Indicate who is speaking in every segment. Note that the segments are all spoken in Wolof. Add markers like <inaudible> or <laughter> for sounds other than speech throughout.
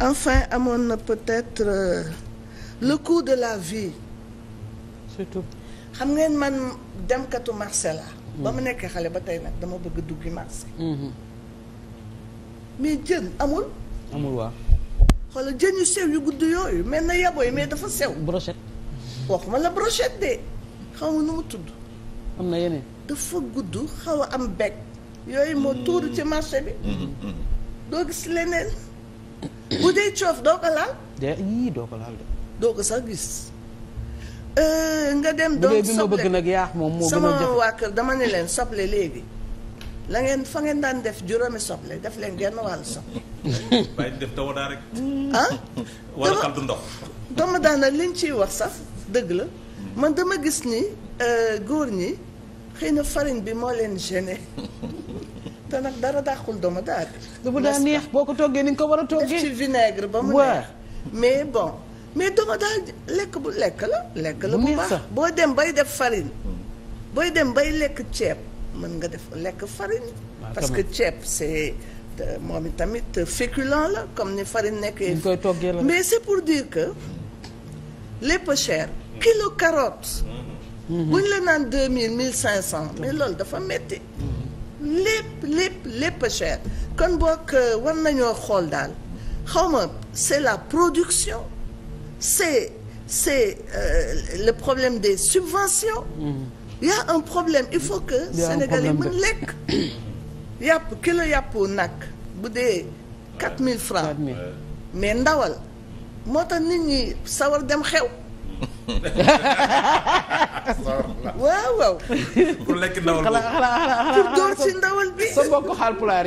Speaker 1: enfin amoon na peut-être euh, le coût de la vie. surtout. xam ngeen man demkatu marché la mm. ba mu nekk xale ba tey nag dama bëgg duggi marché. Mm-hmm. mais jën amul. amul waaw. xoolal jën yu sew yu gudd yooyu mel na yaboy mais dafa sew. brochette. waxuma la brochette de xaw ma nu mu tudd. am na yeneen. dafa gudd xaw a am beg yooyu moo mm. tuuru ci marché bi. Mm-hmm. doo gis leneen. bu dee coof doo ko laal. de yii doo ko laal de. doo ko sax gis. Euh, nga dem doon soble bi ma bëgg nag yaax moom moo gën a sama waa kër dama ne leen soble léegi. la ngeen fa ngeen daan def juróomi soble def leen genn wàllu soble. bàyyi daa rek. xam ah? du ndox. dama daan li liñ ciy wax sax dëgg la man dama gis ni euh, góor ñi xëy na farine bi moo leen gêné. te nag dara dàqul doomu daal. bu daa neex boo ko toggee ni nga ko war a toggee. def ci vinaigre ba mu neex mais bon mais doomu daal lekk bu lekk la. lekk la bu baax boo dem bay def farine. booy dem bay lekk ceeb mën nga def lekk farine. parce que ceeb c'est moom tamit féculent la comme ni farine nekkee. ni koy toggee la mais c'est pour dire que lépp cher. kilo carotte. Mm-hmm. bu la naan deux mille mille cinq cent. mais loolu dafa metti lépp lépp lépp a cher kon euh, war nañoo xool daal xawma ma c'est la production c'est c'est euh, le problème des subventions il mm-hmm. un problème il faut que sénégalais mën lekk <coughs> yàpp kilo yàppu nag bu dee quatre mille francs mais ndawal moo tax nit ñi sawar dem xew <laughs> waaw waaw. pour lekk ndawal bi pour door si ndawal bi. sa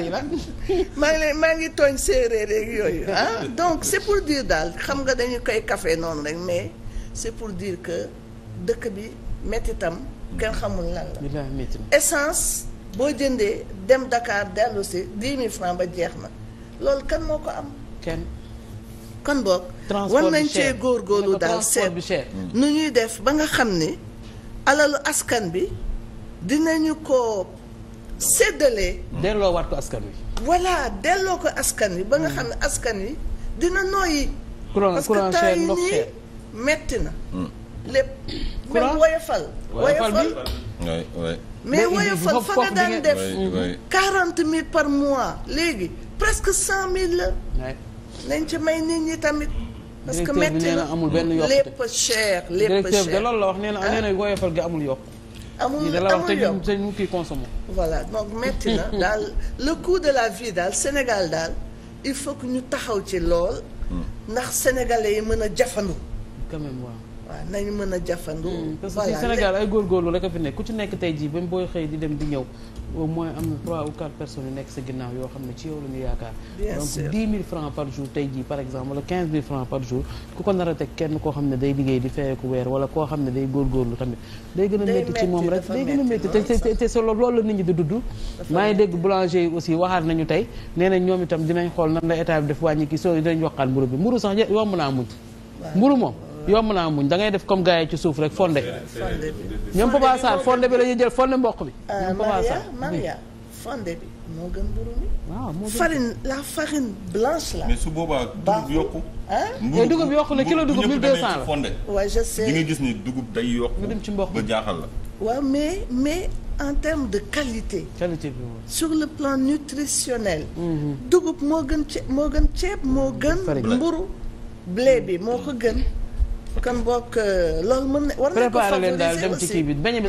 Speaker 1: yi nag. maa ngi maa ngi tooñ séeréer rek yooyu ah donc c'est pour dire daal xam nga dañu koy café noonu rek mais c'est pour diir que dëkk bi mettitam kenn xamul lan la. essence boo jëndee dem Dakar dellu di dix mille ba jeex na loolu kan moo ko am. kenn. kon boog war nañ cee góorgóorlu daal seet nu ñuy def ba nga xam ni alalu askan bi dinañu ko séddale. delloo waat ko askan wi. walla delloo ko askan wi. ba nga xam ne mm. askan wi dina noy
Speaker 2: courant courant cher ndox
Speaker 1: parce que temps yi nii metti na. Mm. lépp même woyofal. woyofal mais woyofal fa nga daan def. quarante mille par mois. léegi presque cent mille la. nañ ci may nit ñi tamit.
Speaker 2: parce que métti nee na amul benn yokkute lépp
Speaker 1: cher lépp cher directeur bi de loolu la wax nee na ah. nee na woyofal gi amul yokk. amul amul la wax te ñun te ñu kii consommé. voilà donc métti na <laughs> daal le coût de la vie daal Sénégal daal il faut que ñu taxaw ci lool. Hmm. ndax sénégalais yi mën a jafandu. quand même waaw. waaw nañu mën a jafandu. Hmm. parce que Sénégal ay góorgóorlu rek a fi nekk ku ci nekk tey jii ba booy xëy di dem di ñëw au moins am na trois ou quatre personnes yu nekk sa ginnaaw yoo xam ne ci yow la ñu yaakaar. donc par jour tey jii par exemple wala quinze mille par jour ku a teg kenn koo xam ne day liggéey di feyeeku weer wala koo xam ne day góorgóorlu tamit. day gën a métti ci moom rek day gën a métti te te loolu la nit ñi di dudd. maa ngi dégg boulanger yi aussi waxaat nañu tey nee nañ ñoom itam dinañ xool na la état bi def wàññi kii soo dinañ waxaat mburu bi mburu sax yomb naa mujj mburu moom yomb naa muñ da ngay def comme gars yi ci suuf rek fonde ñoom Papa Sarr fonde bi la ñuy jël fonde bi euh, ñoom Papa Sarr Maria bi mi waaw moo gën farine la farine blanche la mais su boobaa dugub yokk ah dugub kilo dugub 1200 la fonde waaw je sais di nga gis ci mboq ba jaaxal la waaw mais en termes de qualité qualité bi sur le plan nutritionnel mhm. moo gën ceeb moo gën ceeb moo gën mburu blé bi moo ko gën kon boog euh, loolu mën na war nañ ko favoriser aussi préparer leen daal dem ci kii bi